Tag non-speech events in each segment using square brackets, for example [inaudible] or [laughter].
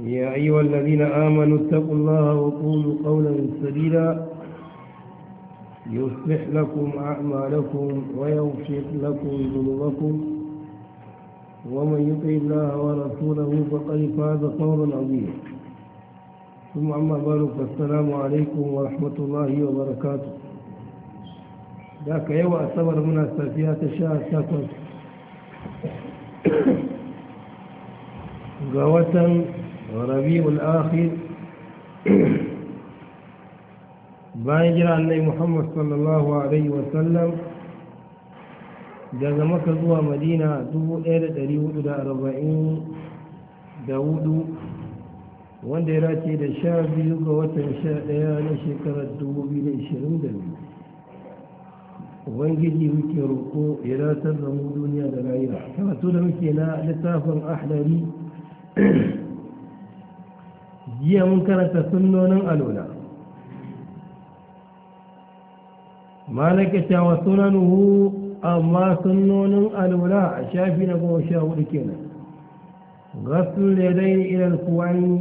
يا أيها الذين آمنوا اتقوا الله وقولوا قولا سديدا يصلح لكم أعمالكم ويغفر لكم ذنوبكم ومن يطع الله ورسوله فقد فاز فورا عظيما ثم أما بعد فالسلام عليكم ورحمة الله وبركاته ذاك يوم أصبر من السافيات الشهر ga watan rabi'ul akhir bayan jira annai muhammad sallallahu alaihi wasallam daga maka zuwa madina 1440 da hudu wanda ya race da sha biyu ga watan sha daya na shekarar 2022 ubangiji muke roƙo ya ratar da mu duniya da rayuwa karatu da muke na littafin ahlari [clears throat] jiya mun karanta sunnonin alula malaka cewa sunanuhu amma sunnonin alula a shafi na goma sha hudu kenan gasu da dai ilal kuwani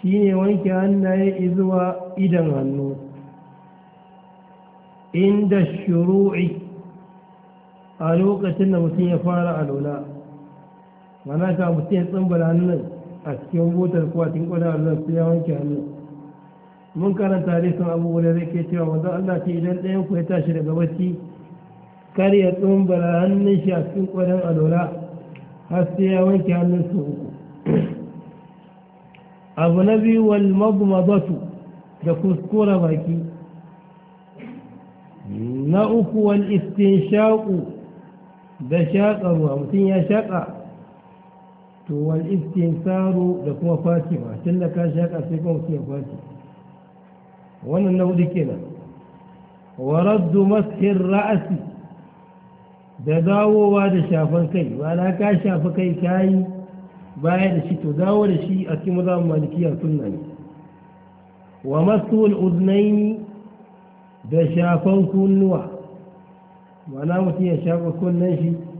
shine wanke hannaye izuwa idan hannu inda shuru'i a lokacin da mutum ya fara alula mana ta mutum ya tsambala hannun a cikin butar ko a cikin kwadar hannun sai ya wanke hannun mun karanta hadisin abu da zai ke cewa wanzu allah ce idan ɗayan ku ya tashi daga bacci kar ya tsambala hannun shi a cikin kwadar alola har sai ya wanke hannun su uku abu na biyu wal mabmadatu da kuskura baki na uku wal istinshaqu da shaƙa ruwa mutum ya shaƙa to wal istinsaru da kuma fatima tun da ka shaƙa sai kuma mutum ya wannan na hudu kenan wa raddu maskin ra'asi da dawowa da shafan kai ba na ka shafa kai kayi baya da shi to dawo da shi a cikin mazan malikiya sunna ne wa masul uznaini da shafan kunnuwa ma'ana mutum ya shafa kunnen shi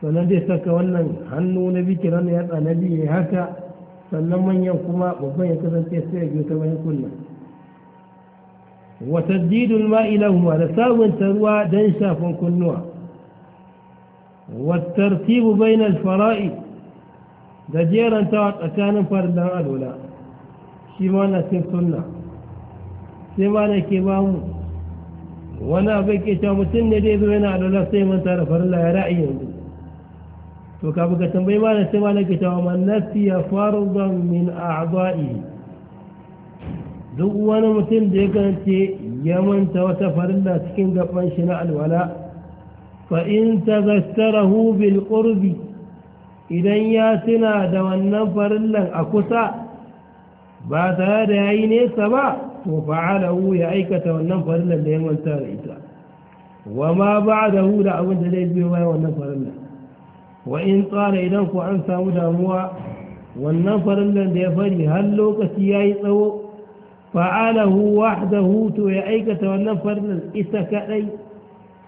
sannan zai saka wannan hannu na bikiran ya tsanabi ya haka sannan manyan kuma babban ya kasance sai ya biyo ta bayan kunna wa tasdidul ma'i lahuma da sabunta ruwa dan shafan kunnuwa wa tartibu bainal fara'i da jerantawa tsakanin fardan alula shi ma na cin sunna sai ma na ke ba mu wani abin ke cewa mutum ne dai zuwa yana alula sai manta da farla ya ra'ayi yanzu to ka buka tambayi ba da sai malaka cewa man faru fardan min a'dha'i duk wani mutum da ya kance ya manta wata farilla cikin gaban shi na alwala fa in tazakkarahu bil qurbi idan ya tuna da wannan farillan a kusa ba tare da yayi nesa ba to fa'alahu ya aikata wannan farillan da ya manta da ita wa ma ba'dahu da abin da zai biyo bayan wannan farillan وإن قال إذا كو أن سامو داموا wannan farallan da ya fari har lokaci ya yi tsawo fa'alahu wahdahu to ya aikata wannan farallan isa kaɗai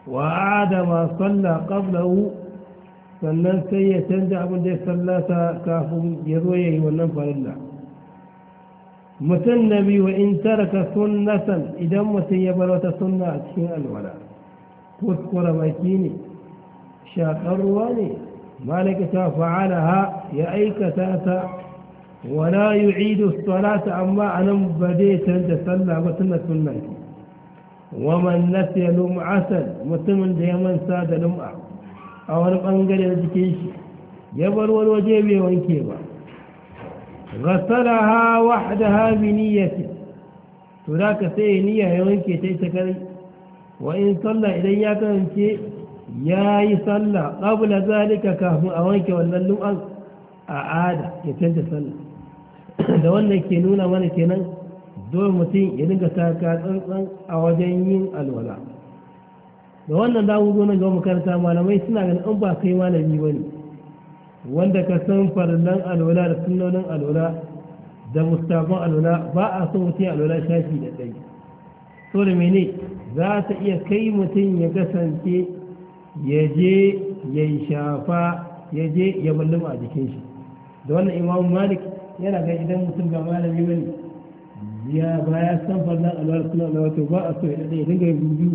wa adama salla qablahu sannan sai ya canza abin da ya sallata kafin ya zo ya yi wannan farallan mutum na biyu in taraka sunnatan idan mutum ya bar wata sunna a cikin alwala kuskura baki ne shaƙar ruwa ne مالك فعلها يا أيكتاتا ولا يعيد الصلاة أما أنا بديت أن تصلى متنة سنة ومن نسي لمعة متمن ديمن ساد لمعة أو نبأنقل يجكيش يبر والوجيب وإنكيبا غسلها وحدها بنيته تراك نية وإنكي تيتكري وإن صلى إليك أنت ya yi sallah ƙabula zalika kafin a wanke wannan lu'an a ada ya canza sallah da wannan ke nuna mana kenan dole mutum ya dinga taka tsantsan a wajen yin alwala da wannan za mu zo nan ga makaranta malamai suna ganin in ba kai malami ba ne wanda ka san farallan alwala da sunnonin alwala da mustafan alwala ba a son mutum alwala shafi da ɗaya. so da mene za ta iya kai mutum ya kasance ya je ya shafa ya je ya ballama a jikin shi da wannan imamu malik yana ga idan mutum ga malami bane ya baya san farnan alwar suna da wato ba a so ya daɗa ya dinga yin biyu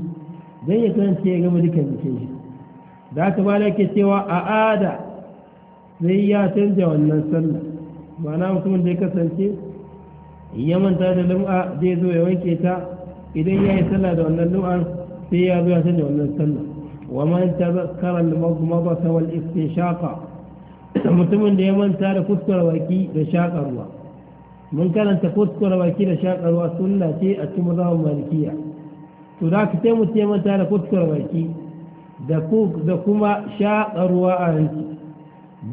don ya kasance ya gama dukkan jikin shi da aka ba ke cewa a ada sai ya canja wannan sallah ma'ana mutumin da ya kasance ya manta da lum'a zai zo ya wanke ta idan ya yi sallah da wannan lum'ar sai ya zo ya canja wannan sallah ومن تذكر المضمضة والاستنشاق mutumin da ya manta da kuskure baki da shakarwa mun karanta kuskure baki da shakarwa sunna ce a cikin mazhabin malikiya to da ka taimu ce manta da kuskure baki da kuma shakarwa a hanci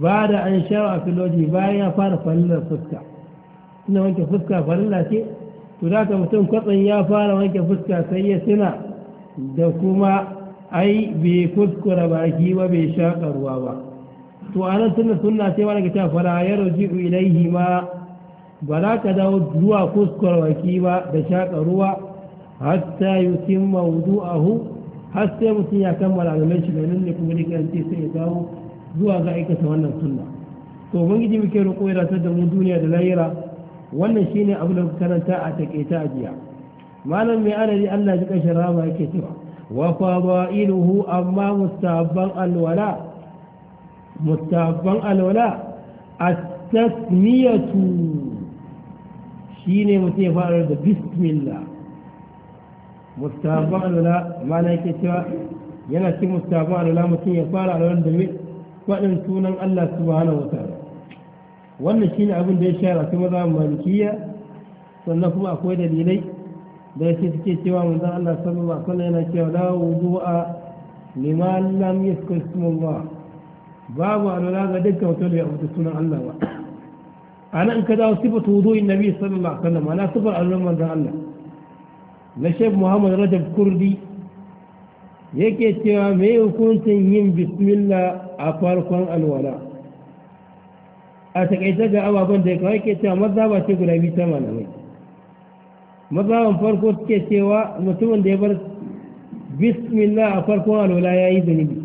ba da an sha a filoji bayan ya fara fallar fuska suna wanke fuska fallar ce to da ka mutum kwatsan ya fara wanke fuska sai ya tuna da kuma ai bai kuskura baki ba bai shaƙa ruwa ba to a nan sunna sunna sai wani ta fara ya roji ilaihi ma ba za ka dawo zuwa kuskura baki ba da shaƙa ruwa hatta yutim mawdu'ahu har sai mutum ya kammala da mai nan ne kuma duk ce sai ya dawo zuwa ga aikata wannan sunna to mun ubangiji muke roƙo ya ta da mu duniya da lahira wannan shine abin da karanta a taƙaita a jiya malam mai adadi Allah ya kashe rama yake cewa وفضائله أما مستحبا الولاء مستحبا الولاء التسمية شيني متفعل بسم الله مستحبا الولاء ما نكتب yana ci mustafa alwala mutum ya fara alwalar da mai faɗin sunan Allah subhanahu wa ta'ala wannan shine abin da ya kuma ta maza malikiya sannan kuma akwai dalilai da yake suke cewa manzon Allah sallallahu alaihi wasallam yana cewa la wudu'a liman lam yuzkar ismullah babu alwala ga dukkan wata da ya abu sunan Allah ba ana in ka dawo sifatu wudu'in nabi sallallahu alaihi wasallam ana sifar alwala manzon Allah na Sheikh Muhammad Rajab Kurdi yake cewa me hukuncin yin bismillah a farkon alwala a takaice ga ababen da ya kawai ke cewa mazaba ce guda biyu ta malamai mazawan farko suke cewa mutumin da ya bar bismillah a farkon alwala ya yi zunubi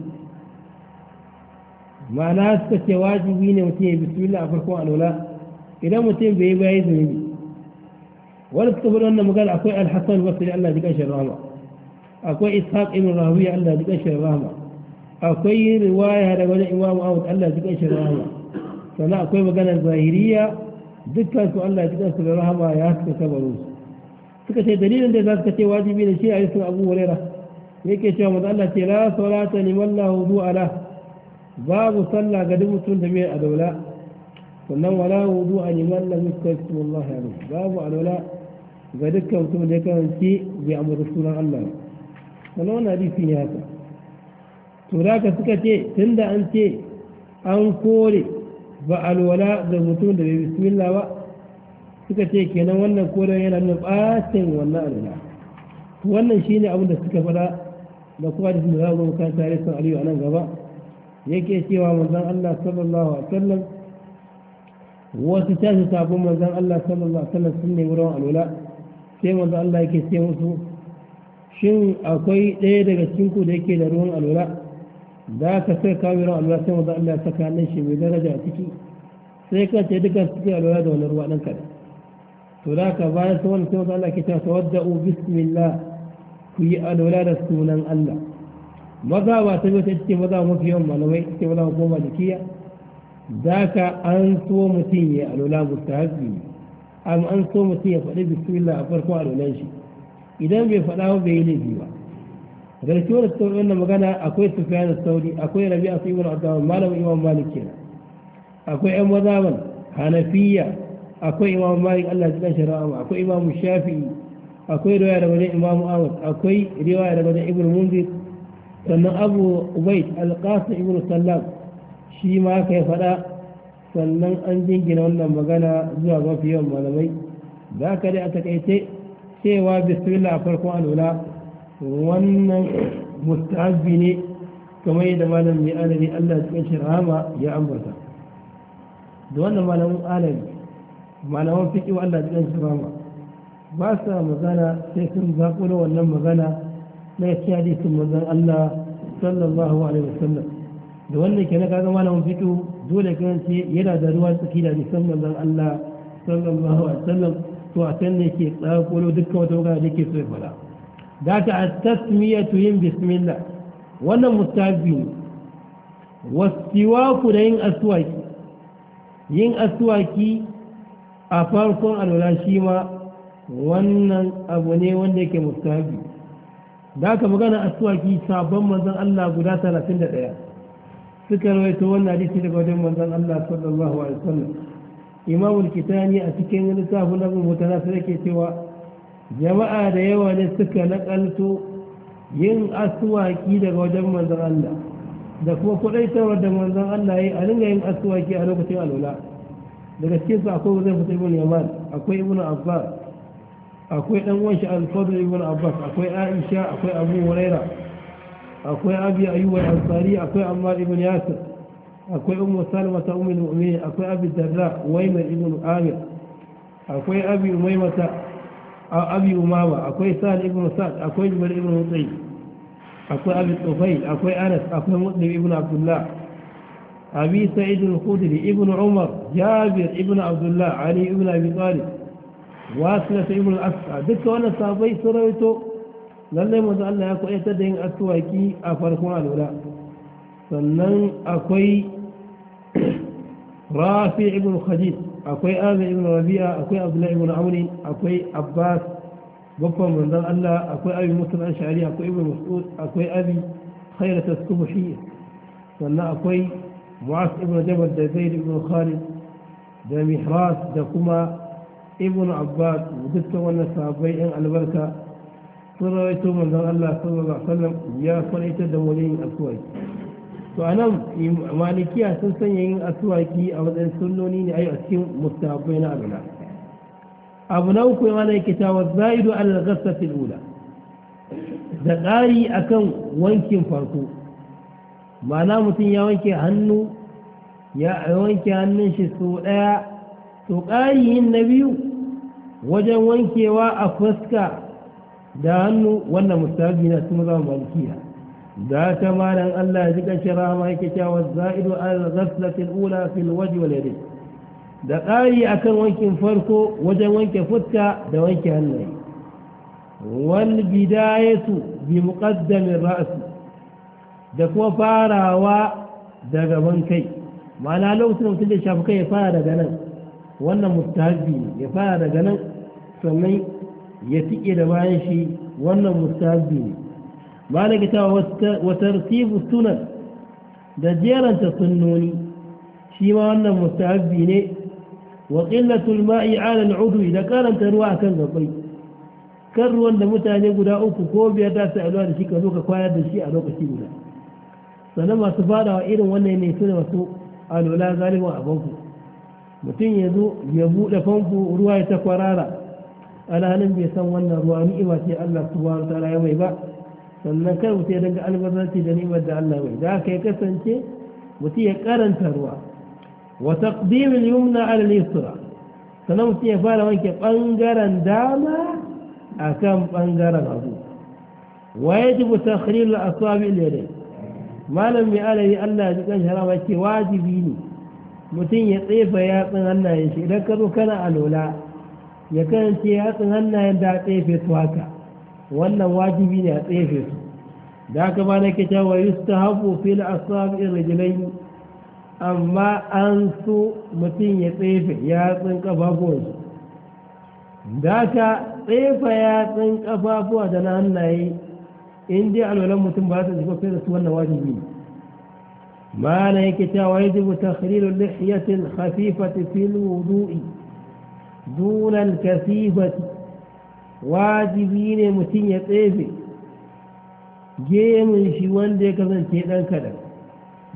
ma'ana suka ce wajibi ne mutum ya bismillah a farkon alwala idan mutum bai yi ba ya yi zunubi wani suka bari wannan magana akwai alhassan basiri allah ji ƙanshin rahama akwai ishaq ibn rahawiya allah ji ƙanshin rahama akwai riwaya daga wajen imamu ahmad allah ji ƙanshin rahama sannan akwai maganar zahiriya dukkan su allah ji ƙanshin rahama ya haskaka baro su suka ce dalilin da za su ce wajibi da shi a yasin abu huraira yake cewa manzo Allah ce la salata ni walla hudu ala babu sallah ga duk mutum da mai daula, sannan wala hudu a liman la yustasqi wallahi alayhi babu daula ga dukkan mutum da ya karanci bai amurta sunan Allah sannan wani hadisi ne haka to da ka suka ce tun da an ce an kore ba alwala da mutum da bai bismillah ba suka ce kenan wannan koren yana nuna ɓacin wannan alula wannan shine abin da suka faɗa da kuma da za mu kan tare sun aliyu a nan gaba yake cewa manzon Allah sallallahu alaihi wasallam wasu tashi sabon manzon Allah sallallahu alaihi wasallam sun nemi wurin alula sai manzon Allah yake ce musu shin akwai ɗaya daga cinku da yake da ruwan alula za ka sai kawo ruwan alula sai manzon Allah ya saka nan shi mai daraja a ciki sai ka ce duka suke alula da wani ruwa ɗan kaɗan to da ka bayan sauran sai wata Allah ke ta tawadda'u bismillah ku yi alola da sunan Allah maza ba ta zo ta ce maza mafi yawan malamai ce maza ko malikiya za ka an so mutum ya musta mustahabi amma an so mutum ya faɗi bismillah a farko alolan shi idan bai faɗa ba bai yi laifi ba garki wani sauri wannan magana akwai sufiya da sauri akwai a su yi wani malamin imam malik kenan akwai yan ban hanafiya akwai imam malik Allah ya shi rahama akwai imam shafi akwai riwaya daga wajen imam awad akwai riwaya daga wajen ibnu munzir sannan abu ubayd al-qasim ibn sallam shi ma kai fada sannan an jingina wannan magana zuwa mafi yawan malamai za ka dai a takaice cewa bismillah a farkon alula wannan mustahabbi ne kamar yadda malam mai alari Allah ya shi rahama ya ambata da wannan malamin alari malaman fiƙi wa Allah jiɗan shirama ba sa magana sai sun zaƙulo wannan magana na ya ci hadisin manzon Allah sallallahu alaihi wasallam da wannan ke na kaga malamin fiƙi dole kan ce yana da ruwa tsaki da nisan manzon Allah sallallahu alaihi wasallam to a can ne ke tsakulo dukkan wata magana da ke so ya faɗa da ta tasmiyatu yin bismillah wannan mustahabi ne ku da yin asuwaki yin asuwaki. a farkon alwala shi ma wannan abu ne wanda yake mustahabi da aka magana suwaki sabon manzon Allah guda 31 suka rawaito wannan hadisi daga wajen manzon Allah sallallahu alaihi wasallam imam al-kitani a cikin littafin abu mutana su yake cewa jama'a da yawa ne suka nakalto yin asuwaki daga wajen manzon Allah da kuma kudaitarwa da manzon Allah ya yi a ringa yin asuwaki a lokacin alwala daga cikin su akwai wazai fata ibn yaman akwai ibn abbas akwai dan wanshi al-fadl ibn abbas akwai aisha akwai abu huraira akwai abi ayyub al-ansari akwai ammar ibn yasir akwai ummu salma ta ummul mu'minin akwai abi darda wayman ibn amir akwai abi umaymata abi umama akwai sa'd ibn sa'd akwai jubair ibn mutayy akwai abi tufayl akwai anas akwai muslim ibn abdullah أبي سعيد الخدري ابن عمر جابر ابن عبد الله علي ابن أبي طالب واسلة ابن الأسعى دك وانا صابي سرويته lallai mazu Allah ya kwaita da yin asuwaki a farkon alwala sannan akwai rafi ibn khadid akwai azai ibn rabi'a akwai abdullahi ibn amri akwai abbas babban manzon Allah akwai abi musul ashari akwai ibn mas'ud akwai abi khairat as-subhi sannan akwai معاذ ابن جبل ده زيد ابن خالد ده محراس ده كما ابن عباس ودكت وانا صحابي ان البركة سرعته من ذا الله صلى الله عليه وسلم يا صليت دولين أسواي فأنا مالكي أسلسا ين أسواكي أو ذا سنوني لأي أسكين مستعبين أبنا أبناوكم أنا كتاب الزائد على الغسة الأولى da ƙari akan wankin farko ma'ana mutum ya wanke hannu ya wanke hannun shi so ɗaya to ƙari yin na biyu wajen wankewa a fuska da hannu wannan mustahabi na su mazan malikiya da ta malan Allah ya jika shi rama yake cewa za'idu al ghaslatil ula fil wajhi wal yadayn da ƙari akan wankin farko wajen wanke fuska da wanke hannaye wal bidayatu bi muqaddamir ra'si da kuma farawa daga gaban kai ma'ana lokacin da mutum ya shafi kai ya fara daga nan wannan mustahabi ne ya fara daga nan sannan ya tike da bayan shi wannan mustahabi ne ba na gita wa tartibu sunan da jeranta sunnoni shi ma wannan mustahabi ne wa qillatul ma'i 'ala al-'udwi da karanta ruwa akan gabai kan ruwan da mutane guda uku ko biyar da su alwa da shi ka zo ka kwayar da shi a lokaci guda sannan masu fadawa irin wannan ne su ne masu alola galiban a banku mutum ya zo ya buɗe famfo ruwa ya ta kwarara alhalin bai san wannan ruwa ni ba ce Allah subhanahu ta'ala ya mai ba sannan kai mutum ya danga albarzaci da nimar da Allah mai da ka ya kasance mutum ya karanta ruwa wa taqdimul yumna ala al-yusra sannan mutum ya fara wanke bangaren dama akan bangaren hagu wa yajibu takhrilu al-asabi al-yadayn malam mai alayi Allah ya kan sharama ce wajibi ne mutum ya tsefa yatsun hannayen shi idan ka zo kana alola ya karance yatsun hannayen da tsefe su haka wannan wajibi ne a tsefe su da haka ma nake fili a fil asabi rijlain amma an so mutum ya tsefe yatsun kafafuwan su da haka tsefa yatsun kafafuwa da na hannaye in dai alwalan mutum ba ta zuba kai da su wannan wajibi ne mala yake cewa ta takhrilu lihiyatin khafifati fil wudu'i dunan kasifati wajibi ne mutum ya tsefe gemun shi wanda ya kasance dan kadan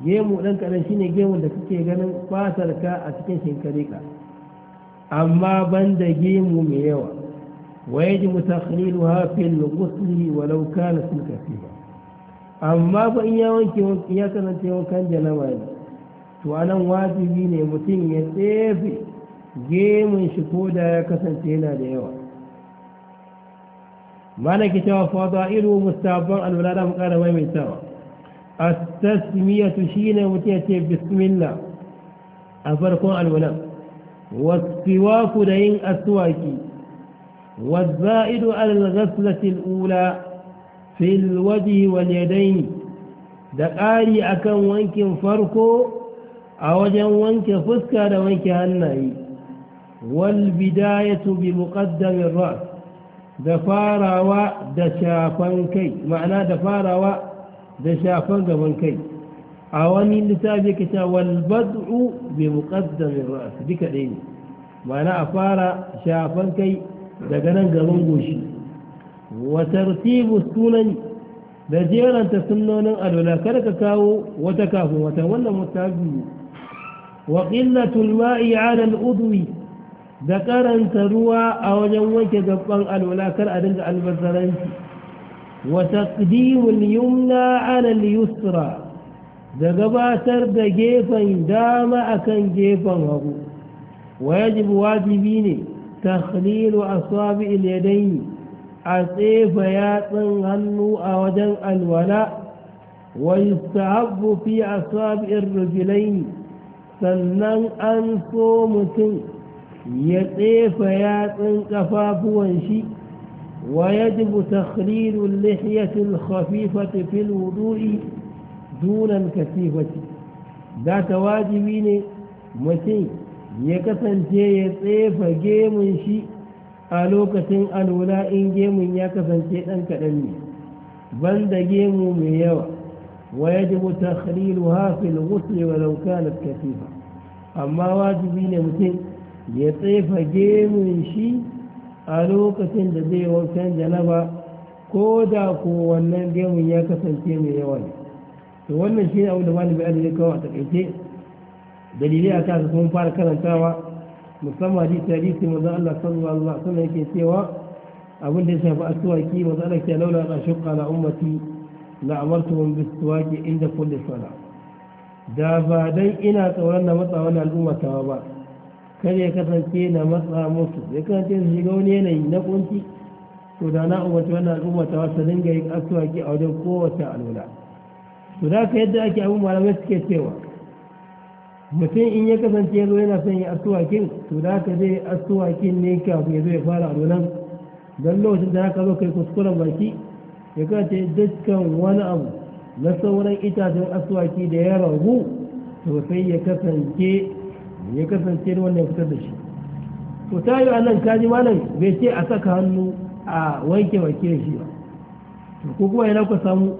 gemu dan kadan shine gemun da kake ganin fatar ka a cikin shinkarika amma ban da gemu mai yawa ويجب تخليلها في الغسل ولو كان سلك فيها أما بإن يوانك يكنا تيوكان جنوان وأنا واجبي ne mutum ya tsefe gemun shi ko da ya kasance yana da yawa mana ki cewa fata iru mustabban alwala da mu kara maimaitawa at-tasmiyatu shine mutum ya ce bismillah a farkon alwala wasu da yin aswaki والزائد على الغسلة الأولى في الوجه واليدين دقاري أكن وانك فرقو أوجا وانك فسكا وانك هنائي والبداية بمقدم الرأس دفارا ودشافن كي معنى دفارا ودشافن قبن كي أواني لتابي كتا والبدع بمقدم الرأس بك ديني معنى أفارا شافن كي daga nan gaban goshi wa tartibu sunan da jeranta sunnonin alwala kada ka kawo wata kafin wata wannan mutabi wa qillatul ma'i 'ala al'udwi da karanta ruwa a wajen wanke gaban alwala kar a dinga albazaranci wa taqdimul yumna 'ala al-yusra da gabatar da gefen dama akan gefen hagu wajib wajibi ne تخليل أصابع اليدين عصيف ياطا هنو أودا الولاء ويستعب في أصابع الرجلين سنن أنسو متن يطيف ياطا كفاف وانشي ويجب تخليل اللحية الخفيفة في الوضوء دون الكثيفة ذات واجبين متن ya kasance ya tsefa gemun shi a lokacin alwala in gemun ya kasance ɗan kaɗan ne banda gemu mai yawa wa ya ji wuta khalilu hafil wuce wa laukanar katifa amma wajibi ne mutum ya tsefa gemun shi a lokacin da zai wancan janaba ko da ko wannan gemun ya kasance mai yawa ne to wannan shi ne abu da malami kawo a takaice dalilai a kan kuma fara karantawa musamman hadisi hadisi manzo Allah sallallahu alaihi wasallam yake cewa abin da ya shafi aswaki manzo Allah ke laula a shukka ala ummati la bi biswaki inda kulli sala da ba dai ina tsoron na matsa wannan al'umma ta ba kar ya kasance na matsa musu ya kasance su shiga wani yanayi na kunci to da na umarci wannan al'umma ta wasu dinga yin aswaki a wajen kowace alwala to da ka yadda ake abin malamai suke cewa mutum in ya kasance ya zo yana son ya asuwakin to da ka zai asuwakin ne kafin ya zo ya fara a nan? don lokacin da haka zo kai kuskuren baki ya kace dukkan wani abu na sauran itacen asuwaki da ya ragu to sai ya kasance ya kasance wanda ya fitar da shi to ta yi nan kaji malam bai ce a saka hannu a wanke wake shi ba ko kuma yana ku samu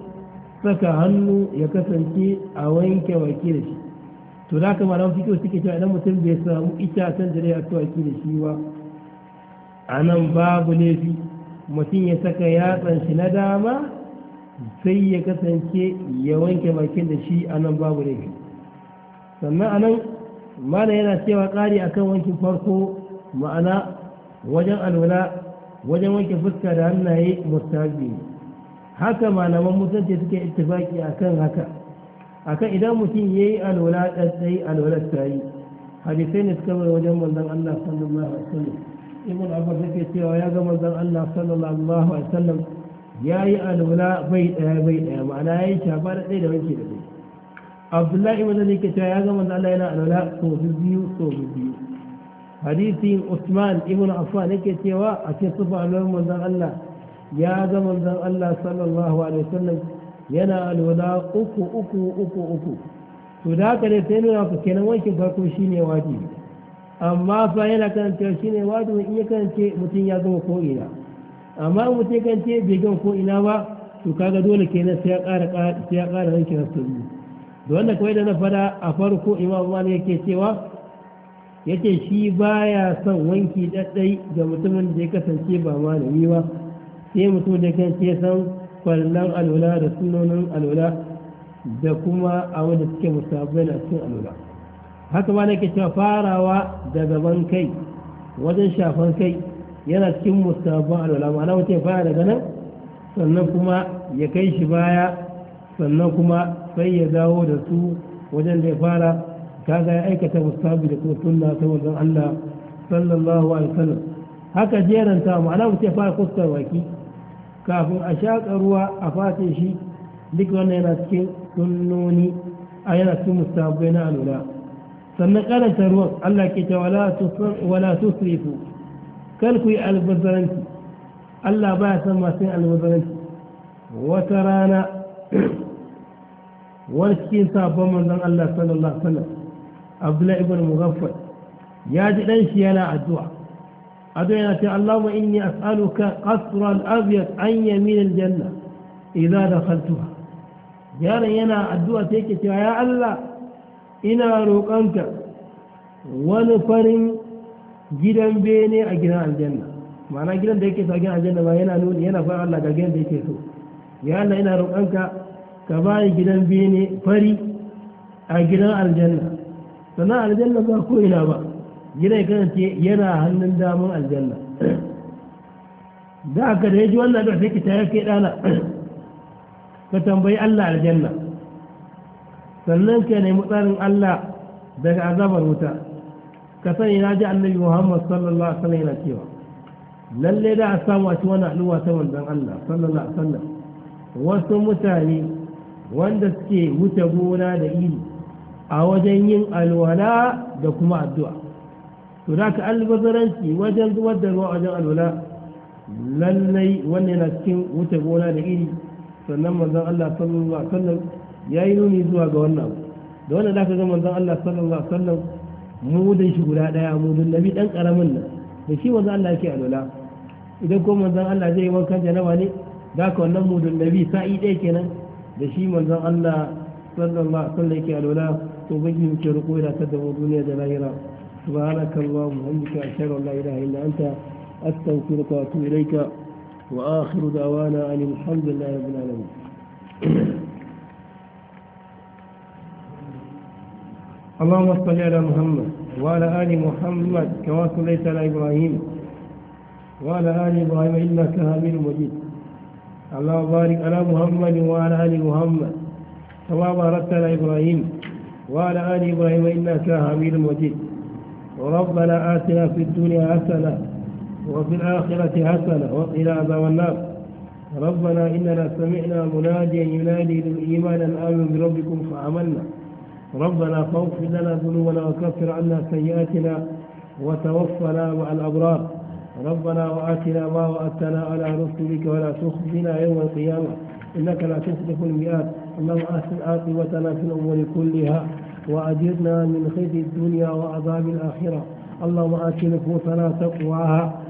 saka hannu ya kasance a wanke wake da shi to za ka malamu fikiyo suke cewa idan mutum bai samu itacen da zai asuwaki da shi ba a nan babu laifi mutum ya saka yatsan shi na dama sai ya kasance ya wanke bakin da shi a nan babu laifi sannan a nan mana yana cewa ƙari a kan wankin farko ma'ana wajen alwala wajen wanke fuska da hannaye mustaji haka malaman mutunci suke ittifaki a kan haka akan idan mutum ya yi alwala ɗaɗɗai alwala ta yi hadisai ne suka bai wajen manzan Allah sallallahu alaihi wasallam ibn abbas yake cewa ya ga manzan Allah sallallahu alaihi wasallam ya yi alwala bai ɗaya bai ɗaya ma'ana ya yi shafa da ɗaya da wanke da ɗaya abdullahi ibn zani ke cewa ya ga manzan Allah yana alwala so biyu so biyu hadisin usman ibn affan yake cewa a cikin sufa alwar manzan Allah ya ga manzan Allah sallallahu alaihi wasallam yana alwala uku uku uku uku to da haka ne sai nuna ku kenan wankin farko shine wajibi amma fa yana karanta shine wajibi in ya karanta mutum ya zama ko ina amma in mutum ya karanta bai gama ko ina ba to kaga dole kenan sai ya ƙara sai ya ƙara wankin rasulullah da wannan kawai da na fada a farko imam mali yake cewa yake shi baya son wanki daddai ga mutumin da ya kasance ba malami ba sai mutum da kan ce san kwallon alwala da sunonin alwala da kuma a da suke musabbai na cikin alula haka ma nake cewa farawa da gaban kai wajen shafan kai yana cikin musabban alwala ma'ana ya fara daga nan sannan kuma ya kai shi baya sannan kuma sai ya dawo da su wajen da ya fara kaga ya aikata musabbi da kuma sunna ta wajen Allah sallallahu alaihi wasallam haka jeranta ma'ana wata ya fara kuskar baki kafin a shaƙa ruwa a fata shi duk wannan yana cikin sunnoni a yana cikin musabbai na alula sannan karanta ruwan Allah ke ta wala tusrifu kal ku yi albazaranci Allah ba ya san masu albazaranci wata rana wani cikin sabon manzon Allah sallallahu alaihi wasallam Abdullahi ibn Mughaffal ya ji dan shi yana addu'a أدعنا اللهم إني أسألك قصر الأبيض عن يمين الجنة إذا دخلتها جانا ينا الدعاء تيكي يا الله إنا روقانك ونفر جدا بيني أجناء الجنة معنى جدا ديكي سأجناء الجنة ما ينا نون ينا فعل الله جدا ديكي سو يا الله إنا روقانك كباي جدا بيني فري أجناء الجنة فنا الجنة ما كوينا بقى yana kasance yana hannun damar aljanna da aka da ya ji wannan da sai ki ta yake dana ka tambayi Allah aljanna sannan ka nemi tsarin Allah daga azabar wuta ka sani na ji annabi Muhammad sallallahu alaihi wasallam yana cewa lalle da a samu a ci wani al'uwa ta manzon Allah sallallahu alaihi wasallam wasu mutane wanda suke wuce gona da iri a wajen yin alwala da kuma addu'a ذاك البزرنسي وجل ودر وأجل ولا للي ولنا سكين وتبولا لغيري فنما ذا الله صلى الله عليه وسلم يا ينوني زوا قولنا دولا ذاك زمن ذا الله صلى الله عليه وسلم مودا شغلا دا يا مود النبي دان كرمنا بشي وذا الله كي على ولا إذا كو من ذا الله زي وان كان جنواني ذاك ونم مود النبي سعيد اي كنا بشي من ذا الله صلى الله عليه وسلم كي على ولا تبجي مكي رقوه لا تدعو دنيا دلائرا سبحانك اللهم وبحمدك أشهد أن لا إله إلا أنت أستغفرك وأتوب إليك وآخر دعوانا أن الحمد لله رب العالمين اللهم صل على محمد وعلى آل محمد كما صليت على إبراهيم وعلى آل إبراهيم إنك حميد مجيد اللهم بارك على محمد وعلى آل محمد كما باركت على إبراهيم وعلى آل إبراهيم إنك حميد مجيد ربنا آتنا في الدنيا حسنة وفي الآخرة حسنة وقنا عذاب النار ربنا إننا سمعنا مناديا ينادي للإيمان أن آمنوا بربكم فآمنا ربنا فاغفر لنا ذنوبنا وكفر عنا سيئاتنا وتوفنا مع الأبرار ربنا وآتنا ما وأتنا على رسلك ولا تخزنا يوم القيامة إنك لا تخلف المئات اللهم أحسن عاقبتنا في الأمور كلها وأجرنا من خزي الدنيا وعذاب الآخرة اللهم آت نفوسنا تقواها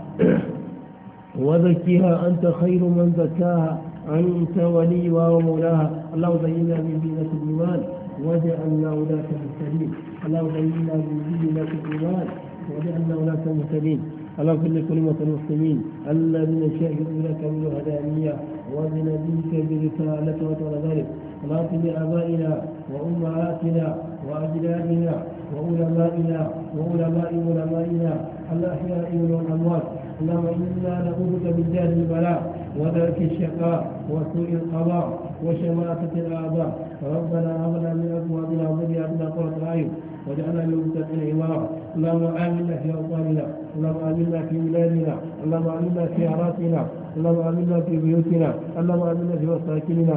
وزكها أنت خير من زكاها أنت وليها ومولاها اللهم زينا من زينة الإيمان واجعلنا ولاة مهتدين اللهم زينا من زينة الإيمان واجعلنا ولاة مهتدين اللهم لكل امه المسلمين الذين شهدوا لك بالوحدانية وبنبيك برسالة وطول ذلك اللهم صل لآبائنا وأمهاتنا وأجدادنا وعلمائنا وعلماء علمائنا الأحياء والأموات اللهم إنا نعوذ بك من جهل البلاء ودرك الشقاء وسوء القضاء وشماتة الأعداء ربنا أغنى من أبوابنا أزواجنا وذرياتنا قرة وجعلنا واجعلنا للمتقين إماما اللهم آمنا في أوطاننا اللهم آمنا في بلادنا اللهم آمنا في عراقنا اللهم آمنا في بيوتنا اللهم آمنا في مساكننا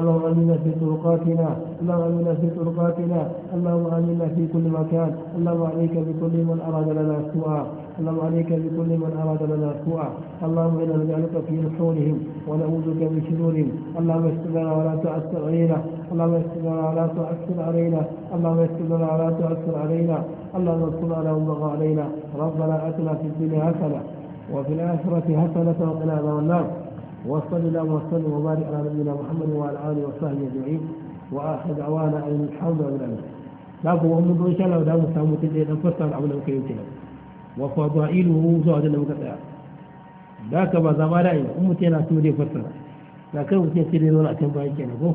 اللهم امنا في طرقاتنا اللهم امنا في طرقاتنا اللهم امنا في كل مكان اللهم عليك بكل من اراد لنا سوءا اللهم عليك بكل من اراد لنا سوءا اللهم انا نجعلك في نحورهم ونعوذ بك من شرورهم اللهم استر لنا ولا تؤثر علينا اللهم استر لنا ولا تؤثر علينا اللهم استر لنا ولا تؤثر علينا اللهم انصرنا وابغى علينا ربنا اتنا في الدنيا حسنه وفي الاخره حسنه وقنا عذاب النار وصل الى وسلم وبارك على نبينا محمد وعلى اله وصحبه اجمعين واخر دعوانا ان الحمد لله باب وهم ان شاء الله دام سامو تجي دام فرصه العمل وكيوتنا وفضائله زاد لو قطع ذاك بزمان امتنا سمو دي فرصه لكن في سيدي ولا كان باي كان هو